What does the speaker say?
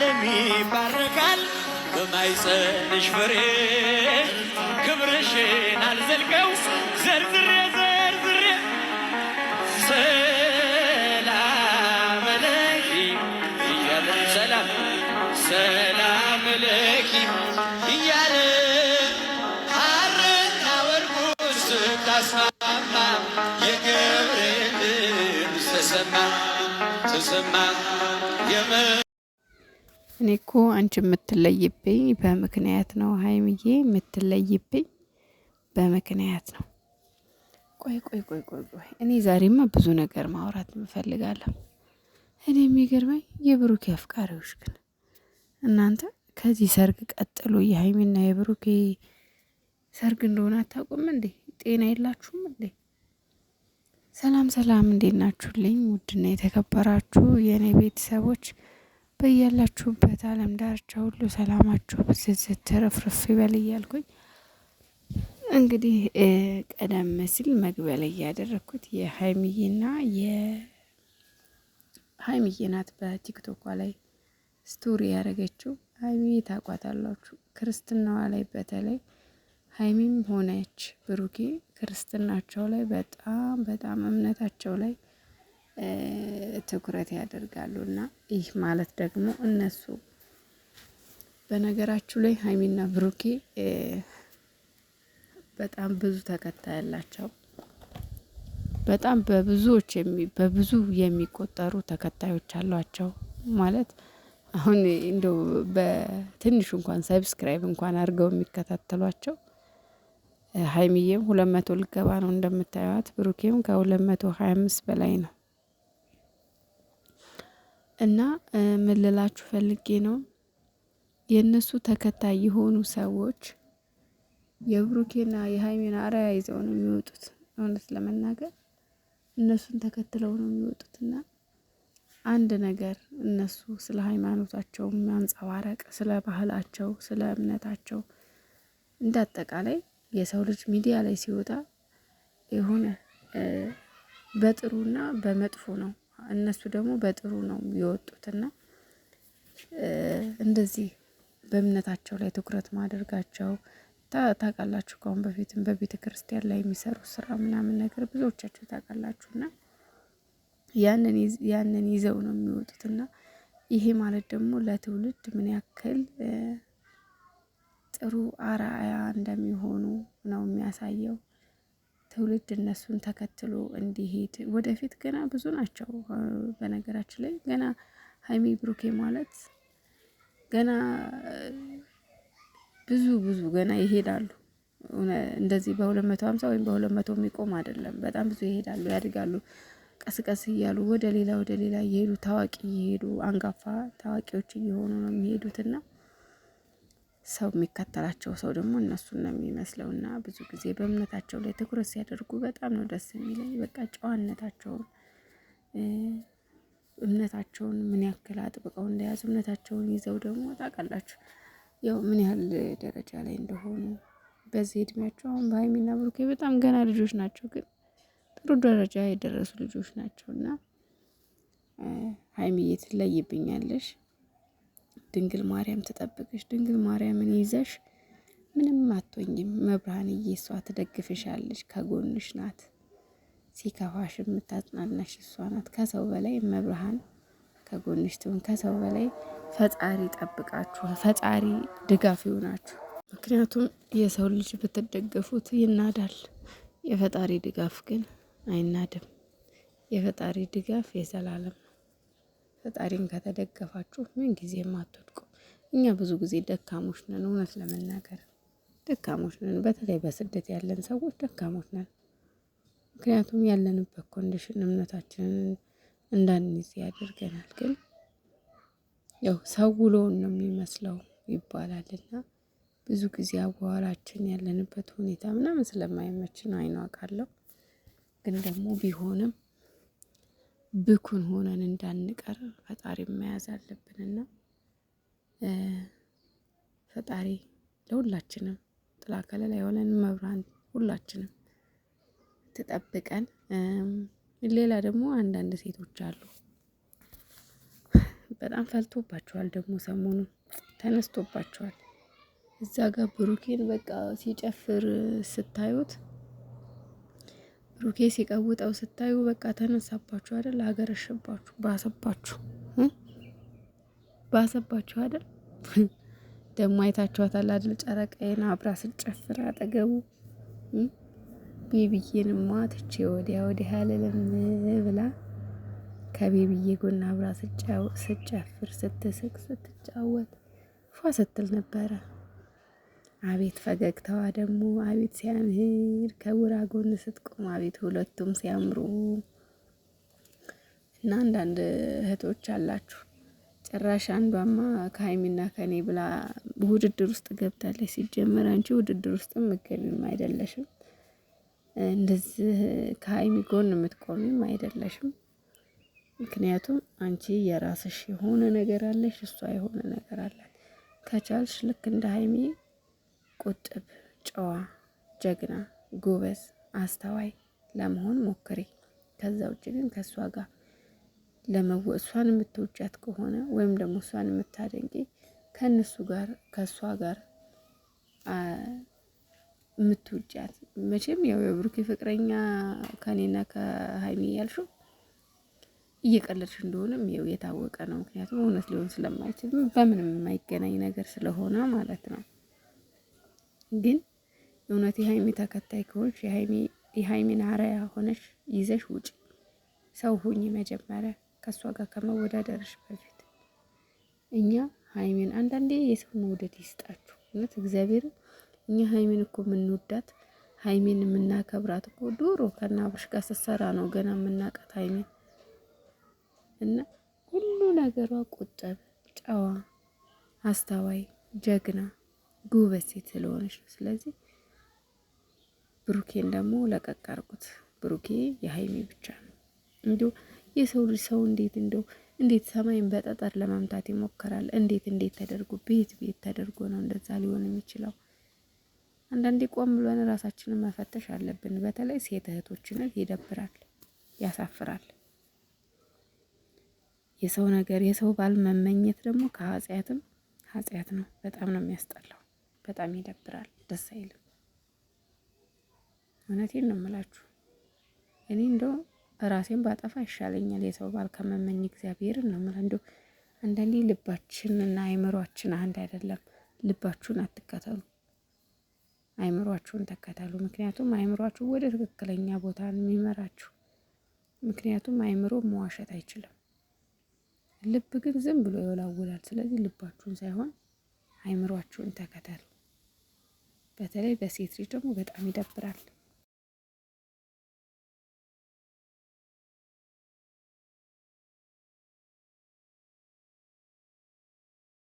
ለዓለም ይባረካል በማይጸንሽ ፍሬ ክብርሽን አልዘልቀው ዘርዝሬ ዘርዝሬ ሰላም ለኪ እያለ ሰላም ሰላም ለኪ እያለ ሐርና ወርቁን ስታስማማ የገብርኤል ተሰማ ተሰማ እኔ እኮ አንቺ የምትለይብኝ በምክንያት ነው ሀይምዬ፣ የምትለይብኝ በምክንያት ነው። ቆይ ቆይ ቆይ ቆይ ቆይ እኔ ዛሬማ ብዙ ነገር ማውራት እንፈልጋለሁ። እኔ የሚገርመኝ የብሩክ አፍቃሪዎች ግን እናንተ ከዚህ ሰርግ ቀጥሎ የሀይሚና የብሩኬ ሰርግ እንደሆነ አታውቁም እንዴ? ጤና የላችሁም እንዴ? ሰላም ሰላም፣ እንዴት ናችሁልኝ? ውድና የተከበራችሁ የእኔ ቤተሰቦች በያላችሁበት ዓለም ዳርቻ ሁሉ ሰላማችሁ ብዝዝት ተረፍርፍ ይበል እያልኩኝ እንግዲህ ቀደም ሲል መግቢያ ላይ እያደረግኩት የሀይሚዬና የሀይሚዬ ናት በቲክቶኳ ላይ ስቶሪ ያደረገችው ሀይሚዬ ታቋታላችሁ። ክርስትናዋ ላይ በተለይ ሀይሚም ሆነች ብሩኬ ክርስትናቸው ላይ በጣም በጣም እምነታቸው ላይ ትኩረት ያደርጋሉ እና ይህ ማለት ደግሞ እነሱ በነገራችሁ ላይ ሀይሚና ብሩኬ በጣም ብዙ ተከታይ ያላቸው በጣም በብዙዎች በብዙ የሚቆጠሩ ተከታዮች አሏቸው። ማለት አሁን እንደው በትንሹ እንኳን ሰብስክራይብ እንኳን አድርገው የሚከታተሏቸው ሀይሚዬም ሁለት መቶ ልገባ ነው እንደምታዩት፣ ብሩኬም ከሁለት መቶ ሀያ አምስት በላይ ነው። እና ምን ፈልጌ ነው የእነሱ ተከታይ የሆኑ ሰዎች የብሩኬና የሀይሜን አርአያ ይዘው ነው የሚወጡት። እውነት ለመናገር እነሱን ተከትለው ነው የሚወጡት እና አንድ ነገር እነሱ ስለ ሃይማኖታቸው ማንጸባረቅ፣ ስለ ባህላቸው፣ ስለ እምነታቸው እንደ አጠቃላይ የሰው ልጅ ሚዲያ ላይ ሲወጣ የሆነ በጥሩና በመጥፎ ነው እነሱ ደግሞ በጥሩ ነው የወጡትና እንደዚህ በእምነታቸው ላይ ትኩረት ማድረጋቸው ታውቃላችሁ። ከአሁን በፊትም በቤተ ክርስቲያን ላይ የሚሰሩት ስራ ምናምን ነገር ብዙዎቻችሁ ታውቃላችሁና ያንን ይዘው ነው የሚወጡትና ይሄ ማለት ደግሞ ለትውልድ ምን ያክል ጥሩ አርአያ እንደሚሆኑ ነው የሚያሳየው። ትውልድ እነሱን ተከትሎ እንዲሄድ ወደፊት ገና ብዙ ናቸው። በነገራችን ላይ ገና ሀይሚ ብሩኬ ማለት ገና ብዙ ብዙ ገና ይሄዳሉ። እንደዚህ በሁለት መቶ ሀምሳ ወይም በሁለት መቶ የሚቆም አይደለም። በጣም ብዙ ይሄዳሉ፣ ያድጋሉ። ቀስቀስ እያሉ ወደ ሌላ ወደ ሌላ እየሄዱ ታዋቂ እየሄዱ አንጋፋ ታዋቂዎች እየሆኑ ነው የሚሄዱትና ሰው የሚከተላቸው ሰው ደግሞ እነሱን ነው የሚመስለው እና ብዙ ጊዜ በእምነታቸው ላይ ትኩረት ሲያደርጉ በጣም ነው ደስ የሚለኝ። በቃ ጨዋነታቸውን እምነታቸውን ምን ያክል አጥብቀው እንደያዙ እምነታቸውን ይዘው ደግሞ ታውቃላችሁ ያው ምን ያህል ደረጃ ላይ እንደሆኑ በዚህ እድሜያቸው አሁን በሀይሚና ብሩኬ በጣም ገና ልጆች ናቸው፣ ግን ጥሩ ደረጃ የደረሱ ልጆች ናቸው እና ሀይሚዬ ትለይብኛለሽ። ድንግል ማርያም ትጠብቅሽ፣ ድንግል ማርያምን ይዘሽ ምንም አትሆኝም፣ መብርሃንዬ እየሷ ትደግፍሻለች፣ ከጎንሽ ናት፣ ሲከፋሽ የምታጽናናሽ እሷ ናት። ከሰው በላይ መብርሃን ከጎንሽ ትሁን። ከሰው በላይ ፈጣሪ ጠብቃችሁ፣ ፈጣሪ ድጋፍ ይሆናችሁ። ምክንያቱም የሰው ልጅ ብትደገፉት ይናዳል፣ የፈጣሪ ድጋፍ ግን አይናድም። የፈጣሪ ድጋፍ የዘላለም ፈጣሪን ከተደገፋችሁ ምን ጊዜ አትወድቁ። እኛ ብዙ ጊዜ ደካሞች ነን፣ እውነት ለመናገር ደካሞች ነን። በተለይ በስደት ያለን ሰዎች ደካሞች ነን። ምክንያቱም ያለንበት ኮንዲሽን እምነታችንን እንዳንይዝ ያደርገናል። ግን ያው ሰው ውሎውን ነው የሚመስለው ይባላልና ብዙ ጊዜ አዋራችን ያለንበት ሁኔታ ምናምን ስለማይመች አይኗ ቃለው ግን ደግሞ ቢሆንም ብኩን ሆነን እንዳንቀር ፈጣሪ መያዝ አለብንና ፈጣሪ ለሁላችንም ጥላ ከለላ የሆነን መብራን ሁላችንም ትጠብቀን። ሌላ ደግሞ አንዳንድ ሴቶች አሉ በጣም ፈልቶባቸዋል። ደግሞ ሰሞኑን ተነስቶባቸዋል። እዛ ጋር ብሩኬን በቃ ሲጨፍር ስታዩት ብሩኬ ሲቀውጠው ስታዩ በቃ ተነሳባችሁ አይደል? አገረሸባችሁ፣ ባሰባችሁ፣ ባሰባችሁ አይደል? ደግሞ አይታችኋታል አይደል? ጨረቃዬን አብራ ስጨፍር አጠገቡ ቤቢዬንማ ትቼ ወዲያ ወዲህ አልልም ብላ ከቤቢዬ ጎን አብራ ስጨፍር ስትስቅ ስትጫወት ፏ ስትል ነበረ። አቤት ፈገግታዋ ደግሞ አቤት ሲያምር ከውራ ጎን ስትቆም አቤት ሁለቱም ሲያምሩ እና አንዳንድ እህቶች አላችሁ ጭራሽ አንዷማ ከሀይሚና ከኔ ብላ ውድድር ውስጥ ገብታለች። ሲጀመር አንቺ ውድድር ውስጥ ምገቢም አይደለሽም፣ እንደዚህ ከሀይሚ ጎን የምትቆሚም አይደለሽም። ምክንያቱም አንቺ የራስሽ የሆነ ነገር አለሽ፣ እሷ የሆነ ነገር አላት። ከቻልሽ ልክ እንደ ሀይሚ ቁጥብ፣ ጨዋ፣ ጀግና፣ ጎበዝ፣ አስተዋይ ለመሆን ሞክሪ። ከዛ ውጭ ግን ከእሷ ጋር እሷን የምትውጫት ከሆነ ወይም ደግሞ እሷን የምታደንቂ ከእነሱ ጋር ከእሷ ጋር የምትውጫት መቼም ያው የብሩኬ ፍቅረኛ ከኔና ከሀይሚ ያልሽው እየቀለድሽ እንደሆነም ያው የታወቀ ነው። ምክንያቱም እውነት ሊሆን ስለማይችል በምንም የማይገናኝ ነገር ስለሆነ ማለት ነው። ግን እውነት የሀይሚ ተከታይ ከሆንሽ የሀይሚን አርአያ ሆነሽ ይዘሽ ውጪ። ሰው ሁኝ መጀመሪያ ከእሷ ጋር ከመወዳደርሽ በፊት እኛ ሀይሚን አንዳንዴ የሰው መውደድ ይስጣችሁ። እውነት እግዚአብሔር እኛ ሀይሚን እኮ የምንወዳት ሀይሚን የምናከብራት እኮ ዱሮ ከናብርሽ ጋር ስትሰራ ነው ገና የምናውቃት ሀይሚን እና ሁሉ ነገሯ ቁጥብ፣ ጨዋ፣ አስተዋይ፣ ጀግና ጉበት ሴት ስለሆነች ነው። ስለዚህ ብሩኬን ደግሞ ለቀቅ አርጉት። ብሩኬ የሀይሜ ብቻ ነው። እንዲሁ የሰው ልጅ ሰው እንዴት እንደው እንዴት ሰማይን በጠጠር ለመምታት ይሞክራል? እንዴት እንዴት ተደርጎ ቤት ቤት ተደርጎ ነው እንደዛ ሊሆን የሚችለው? አንዳንዴ ቆም ብለን ራሳችንን መፈተሽ አለብን። በተለይ ሴት እህቶችንን ይደብራል፣ ያሳፍራል። የሰው ነገር የሰው ባል መመኘት ደግሞ ከኃጢአትም ኃጢአት ነው። በጣም ነው የሚያስጠላው። በጣም ይደብራል፣ ደስ አይልም። እውነቴን ነው የምላችሁ። እኔ እንደው ራሴን ባጠፋ ይሻለኛል የሰው ባል ከመመኝ እግዚአብሔርን ነው የምለው። እንደው አንዳንዴ እና አይምሯችን አንድ አይደለም። ልባችሁን አትከተሉ፣ አይምሯችሁን ተከተሉ። ምክንያቱም አይምሯችሁ ወደ ትክክለኛ ቦታ ነው የሚመራችሁ። ምክንያቱም አይምሮ መዋሸት አይችልም። ልብ ግን ዝም ብሎ ይወላውላል። ስለዚህ ልባችሁን ሳይሆን አይምሯችሁን ተከተሉ። በተለይ በሴት ልጅ ደግሞ በጣም ይደብራል።